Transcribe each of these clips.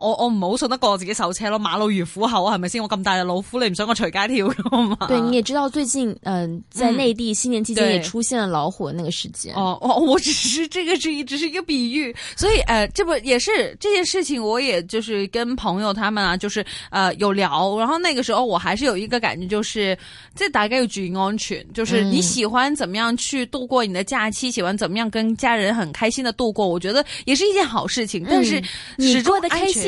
我我唔好信得過我自己手車咯，馬路如虎口係咪先？我咁大隻老虎，你唔想我隨街跳咁啊嘛？對，你也知道最近，嗯、呃，在內地新年期間也出現了老虎那個事件、嗯。哦哦，我只是這個是一隻是一個比喻，所以誒、呃，這不也是這件事情，我也就是跟朋友他們啊，就是呃有聊，然後那個時候我還是有一個感覺、就是，就是這大概要注意安全，就是你喜歡怎麼樣去度過你的假期，嗯、喜歡怎麼樣跟家人很開心的度過，我覺得也是一件好事情，嗯、但是始終你的安全。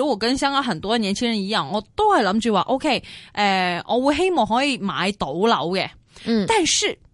如果我跟香港很多年輕人一樣，我都係諗住話，OK，誒、呃，我會希望可以買到樓嘅，嗯，但是。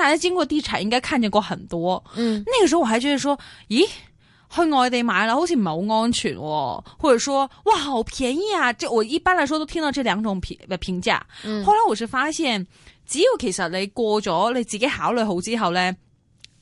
大家經過地產應該看見過很多，嗯，那個時候我還覺得說，咦，去外地買了，好似冇安全，哦，或者說，哇，好便宜啊！這我一般來說都聽到這兩種評嘅評價。嗯，後來我是發現，只有其實你過咗，你自己考慮好之後咧，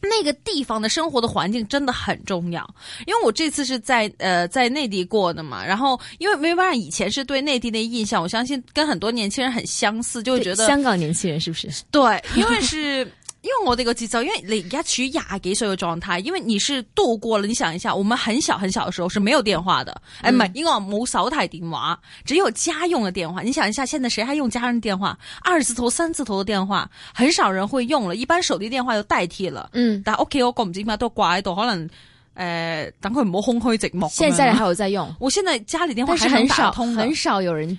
那個地方的生活的環境真的很重要。因為我這次是在，呃，在內地過的嘛，然後因為沒辦法，以前是對內地的印象，我相信跟很多年輕人很相似，就覺得香港年輕人是不是？對，因為是。 因為我哋個節奏，因為你處於廿幾歲嘅狀態，因為你是度過了。你想一下，我們很小很小嘅時候是沒有電話的。誒、嗯，唔係，因為冇手提電話，只有家用嘅電話。你想一下，現在誰還用家人電話？二字頭、三字頭嘅電話很少人會用了，一般手提電話就代替了。嗯，但屋、OK，企我個唔知點解都掛喺度，可能誒，等佢唔好空虛寂寞。哄哄現在還有在用，我現在家裏電話，但係很少，通很少有人。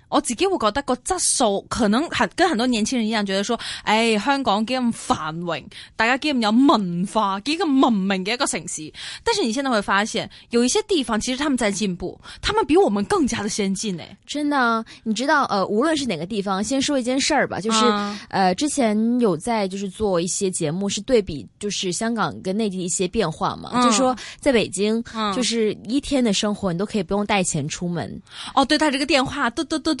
我自己會覺得個質素可能很跟很多年輕人一樣，覺得說，哎，香港幾咁繁榮，大家幾咁有文化，幾咁文明嘅一個城市。但是你現在會發現，有一些地方其實他們在進步，他們比我們更加的先進呢、哎。真的、啊，你知道，呃，無論是哪個地方，先說一件事兒吧，就是，嗯、呃，之前有在就是做一些節目，是對比，就是香港跟內地一些變化嘛，嗯、就是說，在北京，嗯、就是一天的生活，你都可以不用帶錢出門。哦，對，他這個電話，嘟嘟嘟。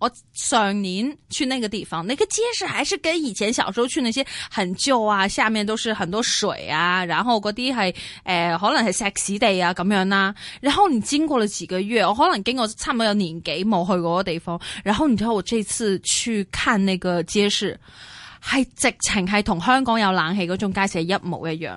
我上年去那個地方，那個街市還是跟以前小時候去那些很舊啊，下面都是很多水啊，然後嗰啲係誒可能係石屎地啊咁樣啦、啊。然後你經過了幾個月，我可能經過差唔多有年幾冇去過嗰個地方。然後你睇我這次去看那個街市，係直情係同香港有冷氣嗰種街市一模一樣。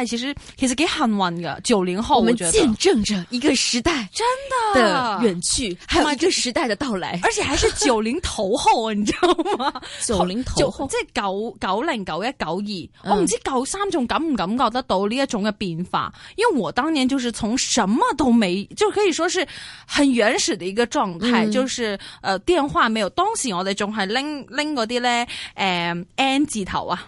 其實其實幾幸運㗎九零後，我們見證着一個時代真的的遠去，還有一個時代的到來，而且還是九零頭後，你知道嗎？九零頭後即九九零、九一、九二，我唔知九三仲感唔感覺得到呢一種嘅變化？因為我當年就是從什麼都沒，就可以說是很原始的一個狀態，就是呃電話沒有，當時我哋仲係拎拎嗰啲咧，誒 n 字頭啊。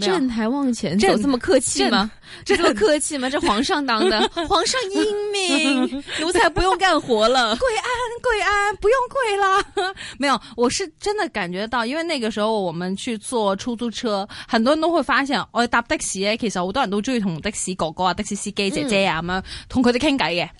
站台望前走這麼客氣嗎？這麼客氣嗎？這皇上當的， 皇上英明， 奴才不用幹活了。跪 安跪安，不用跪了。 沒有，我是真的感覺到，因為那個時候我們去坐出租車，很多人都會發現，嗯、我搭的士，其實好多人都中意同的士哥哥啊、的士司機姐姐啊，咁樣同佢哋傾偈嘅。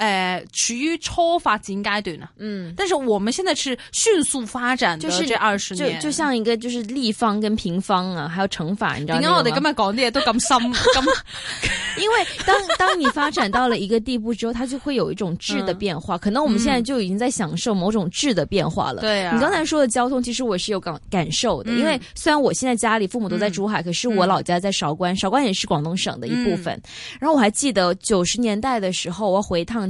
呃處於超發展階段呢。嗯，但是我們現在是迅速發展的這二十年，就是、就，就像一個就是立方跟平方啊，還有乘法，你知道嗎？你看我哋今日講啲嘢都咁深？因為當當你發展到了一個地步之後，它就會有一種質的變化。嗯、可能我們現在就已經在享受某種質的變化了。對啊、嗯。你剛才說的交通，其實我是有感感受的。嗯、因為雖然我現在家裏父母都在珠海，嗯、可是我老家在韶關，嗯、韶關也是廣東省的一部分。嗯、然後我還記得九十年代的時候，我回一趟。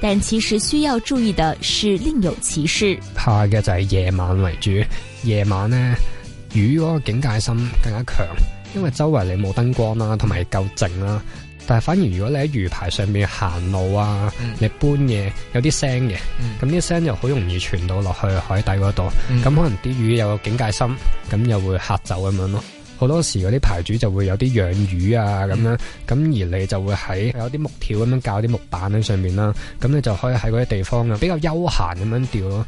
但其實需要注意的是另有其事，怕嘅就係夜晚為主，夜晚呢，魚嗰個警戒心更加強，因為周圍你冇燈光啦、啊，同埋夠靜啦。但係反而如果你喺魚排上面行路啊，嗯、你搬嘢有啲聲嘅，咁啲聲又好容易傳到落去海底嗰度，咁、嗯、可能啲魚有個警戒心，咁又會嚇走咁樣咯。好多時嗰啲牌主就會有啲養魚啊咁樣，咁而你就會喺有啲木條咁樣搞啲木板喺上面啦，咁你就可以喺嗰啲地方啊比較悠閒咁樣釣咯。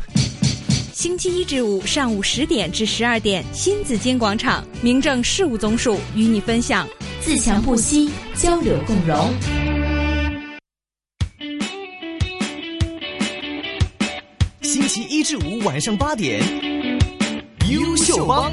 星期一至五上午十點至十二點，新紫金廣場民政事務總署與你分享自強不息，交流共融。星期一至五晚上八點，優秀幫。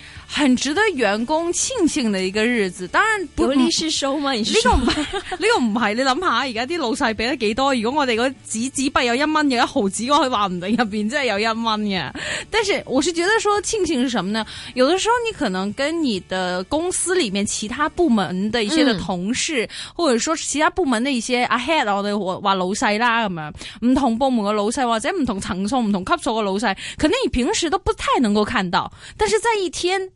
很值得員工慶幸的一個日子，當然不利是收嗎？呢 個呢、呢個唔係，你諗下而家啲老細俾得幾多？如果我哋個紙紙幣有一蚊，有一毫紙，我係話唔定入邊真係有一蚊嘅。但是我是覺得說慶幸是什麼呢？有的時候你可能跟你的公司裏面其他部門的一些的同事，嗯、或者說其他部門的一些阿 head 我哋話老細啦咁樣，唔同部門嘅老細或者唔同層數、唔同級數嘅老細，可能你平時都不太能夠看到，但是在一天。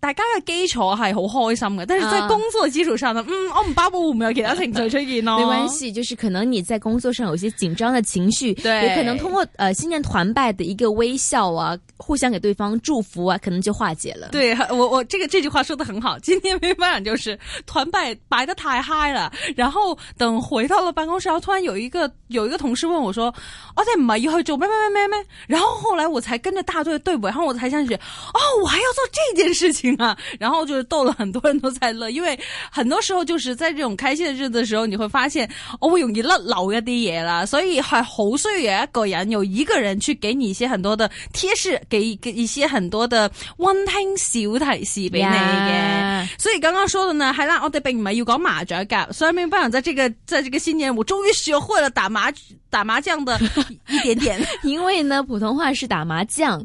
大家的基礎係好開心嘅，但是在工作基礎上呢，嗯，嗯我唔包保會唔會有其他情緒出現咯。 沒關係，就是可能你在工作上有一些緊張的情緒，對，也可能通過呃新年團拜的一個微笑啊，互相給對方祝福啊，可能就化解了。對我我這個這句話說的很好，今天沒辦法，就是團拜白得太嗨了，然後等回到了辦公室，然後突然有一個有一個同事問我說，哦、啊，點解冇一開就咩咩咩咩咩，然后後來我才跟着大隊隊尾，然後我才想起，哦，我還要做這件事情。 然後就是逗了，很多人都在樂，因為很多時候就是在這種開心的日子的時候，你會發現，哦呦，我有你老老個爹爺了，所以係好以。要好需要一個人，有一個人去給你一些很多的貼士給一些很多的溫馨小提示俾你嘅。Yeah. 所以剛剛說的呢，還讓我哋並唔係要講麻雀噶，所以並不想在這個在這個新年，我終於學會了打麻打麻將的 一點點， 因為呢，普通話是打麻將。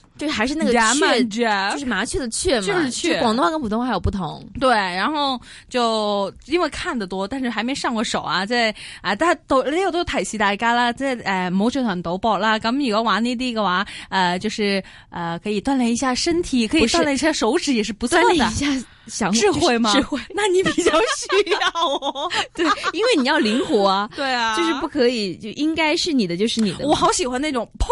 就還是那個雀，就是麻雀的雀嘛。就是雀，雀，廣東話跟普通話還有不同。對，然後就因為看的多，但是還沒上過手啊。即係啊，大家賭呢個都提示大家啦，即係呃、啊、某唔好進行賭博啦。咁如果玩呢啲嘅話，呃，就是呃，可以鍛煉一下身體，可以鍛煉一下手指，是也是不錯的。鍛煉一下想智慧嘛，智慧，那你比較需要哦。 對，因為你要靈活啊。 對啊。就是不可以，就應該是你的就是你的。我好喜歡那種碰。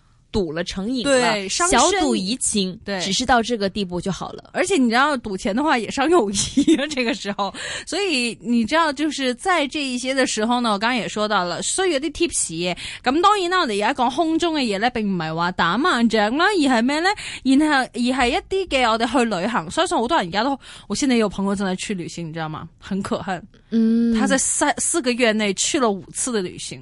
賭了成癮，對，小賭怡情，對，只是到這個地步就好了。而且你知道，賭錢的話也傷友誼。這個時候，所以你知道，就是在這一些的時候呢，我剛剛也說到了所以有啲 tips。咁當然啦，我哋而家講空中嘅嘢咧，並唔係話打麻將啦，而係咩咧？然後而係一啲嘅我哋去旅行。相信好多人而家都，我現在有朋友正在去旅行，你知道嗎？很可恨，嗯，他在三四個月內去了五次的旅行。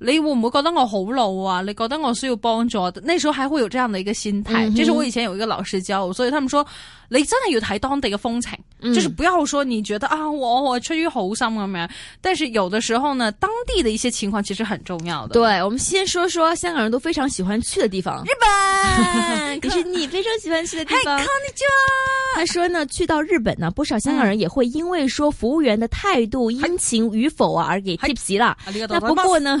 你會唔會覺得我好老啊？你覺得我需要幫助？那時候還會有這樣的一個心態，就是我以前有一個老師教我，所以他們說你真的有睇當地一個風情，就是不要說你覺得啊，我我出於好唔順乜但是有的時候呢，當地的一些情況其實很重要的。對，我們先說說香港人都非常喜歡去的地方，日本可是你非常喜歡去的地方。Konnichiwa，佢話呢，去到日本呢，不少香港人也會因為說服務員的態度殷勤與否啊而給踢皮啦。那不過呢？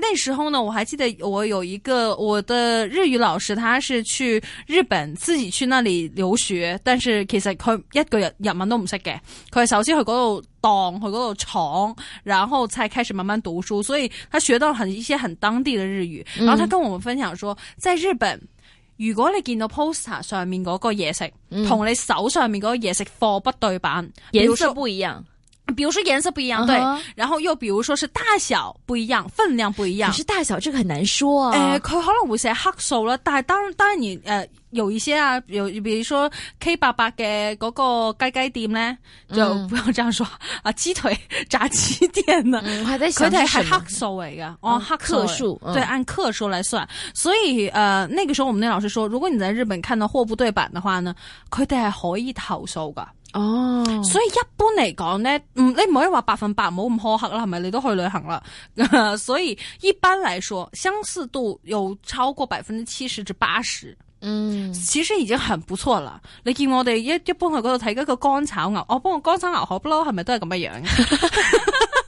那時候呢，我還記得我有一個我的日語老師，他是去日本自己去那裏留學，但是其實佢一個日日文都唔識嘅，佢係首先去嗰度當，去嗰度闖，然後才開始慢慢讀書，所以他學到很一些很當地嘅日語。然後佢跟我們分享說，嗯、在日本，如果你見到 poster 上面嗰個嘢食，同你手上面嗰個嘢食貨不對版，顏、嗯、色不一樣。比如說顏色不一樣，uh huh. 對，然後又比如說是大小不一樣，分量不一樣。可是大小這個很難說啊。誒，佢可能會寫克數了，但當然當然你誒、呃、有一些啊，有比如說 K 八八嘅嗰個雞雞店咧，嗯、就不要這樣說啊，雞腿炸雞店呢，佢哋係克數嚟嘅哦，克數，手嗯、對，按克數來算。所以呃那個時候我們那老師說，如果你在日本看到貨不對版的話呢，佢哋係可以投訴噶。哦，oh. 所以一般嚟講咧，唔你唔可以話百分百，唔好咁苛刻啦，係咪？你都去旅行啦， 所以一般嚟說相似度有超過百分之七十至八十，嗯，mm. 其實已經很不錯啦。你見我哋一一般去嗰度睇嗰個乾炒牛，我不過個乾炒牛河不嬲係咪都係咁嘅樣？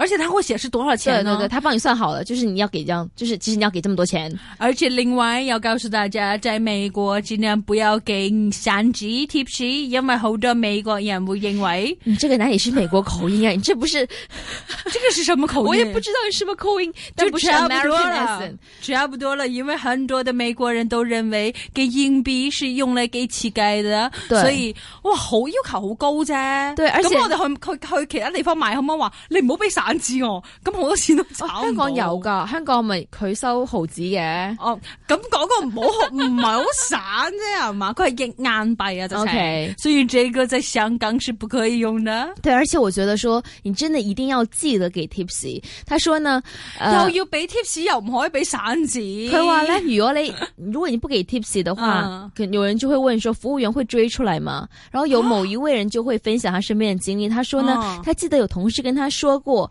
而且他會顯示多少錢呢，對，對對，他幫你算好了，就是你要給這樣，就是其實你要給這麼多錢。而且另外要告訴大家，在美國盡量不要給散紙 tips，因為好多美國人會認為你、嗯、這個哪裏是美國口音啊？你 這不是，這個是什麼口音？我也不知道是什麼口音，就差不多啦，medicine 差不多了，因為很多的美國人都認為給硬幣是用來給乞丐的，對所以哇好要求好高噻、啊。對，而且我哋去去去其他地方買好唔好話？你唔好俾散。哦，咁好多錢都、哦、香港有噶，香港咪佢收毫紙嘅。哦，咁個唔好，唔係好散啫，係嘛， 佢一硬幣啊，就 O K，所以這個在香港是不可以用呢。對，而且我覺得說，你真的一定要記得給 Tipsy。他說呢，呃、又要俾 t i p s 又唔可以俾散紙。佢話咧，如果你如果你不給 Tipsy 的話， 嗯、有人就會問說，服務員會追出來嗎？然後有某一位人就會分享他身邊的經歷。啊、他說呢，嗯、他記得有同事跟他說過。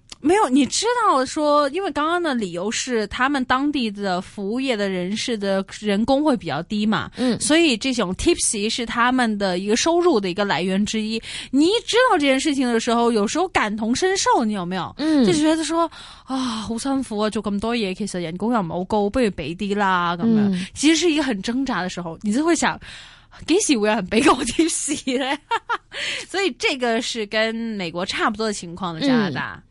沒有，你知道說，因為剛剛的理由是他們當地的服務業的人士的人工會比較低嘛，嗯，所以這種 tipsy 是他們的一個收入的一個來源之一。你一知道這件事情的時候，有時候感同身受，你有沒有？嗯，就覺得說啊，好辛苦啊，做咁多嘢，其實人工又冇高，不如俾啲啦，咁樣。其實是一個很掙扎的時候，你就會想幾時我要俾個我 tipsy 呢？嗯、 所以這個是跟美國差不多的情況的加拿大。嗯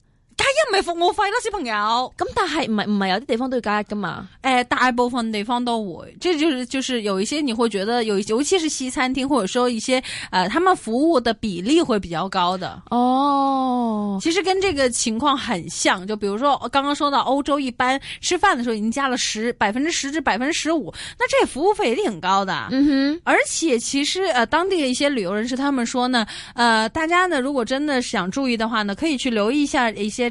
加一咪服務費咯，小朋友。咁但係唔係唔係有啲地方都要加噶嘛？誒、哎，大部分地方都會，即係就是就是有一些你會覺得有一，尤其是西餐廳，或者說一些，呃他們服務的比例會比較高的。哦，其實跟這個情況很像，就比如說剛剛說到歐洲，一般吃飯的時候已經加了十百分之十至百分之十五，那這服務費也挺高的。嗯哼，而且其實，呃當地的一些旅遊人士他們說呢，呃，大家呢如果真的想注意的話呢，可以去留意一下一些。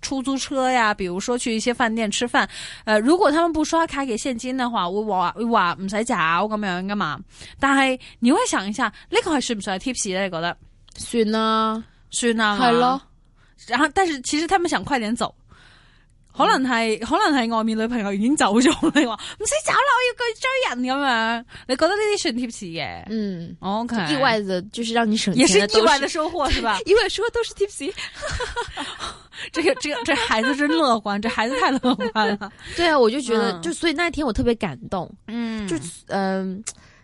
出租車呀，比如說去一些飯店吃飯，呃，如果他們不刷卡給現金的話，我我我唔使找，我咁樣噶嘛？但係你會想一下，呢個係算唔算係 tips 咧？你覺得算啦算啦，係咯、啊。了然後，但是其實他們想快點走。嗯、可能係可能係外面女朋友已經走咗，你話唔使走啦，我要去追人咁樣。你覺得呢啲算貼士嘅？嗯，OK。就意外的就是讓你省錢，也是意外的收穫，是吧？意 外說的都是貼士這個、這個、這孩子真樂觀，這個、孩子太樂觀了 對啊，我就覺得，嗯、就所以那一天我特別感動。嗯，就嗯。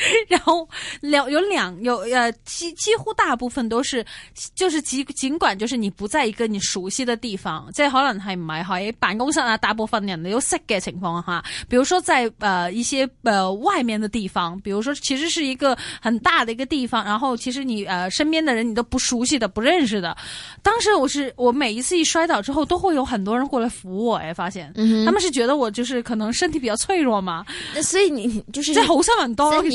然後兩有兩有呃幾幾乎大部分都是就是幾盡管就是你不在一個你熟悉的地方，在可能係唔係喺辦公室啊，大部分人有 sick 嘅情況哈。比如說在呃一些呃外面的地方，比如說其實是一個很大的一個地方，然後其實你呃身邊的人你都不熟悉的不認識的。當時我是我每一次一摔倒之後，都會有很多人過來扶我哎，發現、嗯、哼他們是覺得我就是可能身體比較脆弱嘛。所以你就是在紅山穩多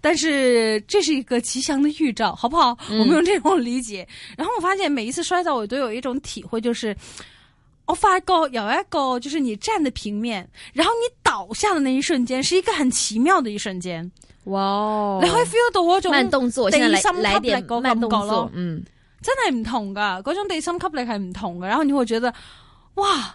但是這是一個吉祥的預兆，好不好？我們用這種理解。嗯、然後我發現每一次摔倒，我都有一種體會，就是我發覺有一個，就是你站的平面，然後你倒下的那一瞬間，是一個很奇妙的一瞬間。哇、哦！然後 feel 到嗰種地心吸力嗰感覺咯，覺嗯，真的，不同的嗰種地心吸力係不同的。然後你會覺得，哇！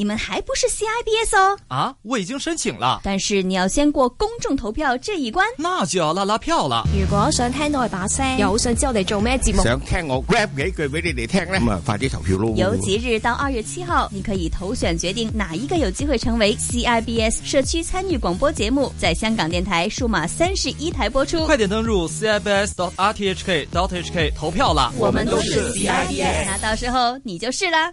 你們還不是 C I B S 哦？ 啊，我已經申請了，但是你要先過公眾投票這一關，那就要拉拉票了。如果想聽到我把聲，又好想知我哋做咩節目，想聽我 rap 幾句俾你哋聽呢，咁啊，快啲投票咯！由即日到二月七號，你可以投選決定哪一個有機會成為 C I B S 社區參與廣播節目，在香港電台數碼三十一台播出。快點登入 C I B S dot r t h k dot h k 投票啦！我們都是 C I B S，那到時候你就是啦。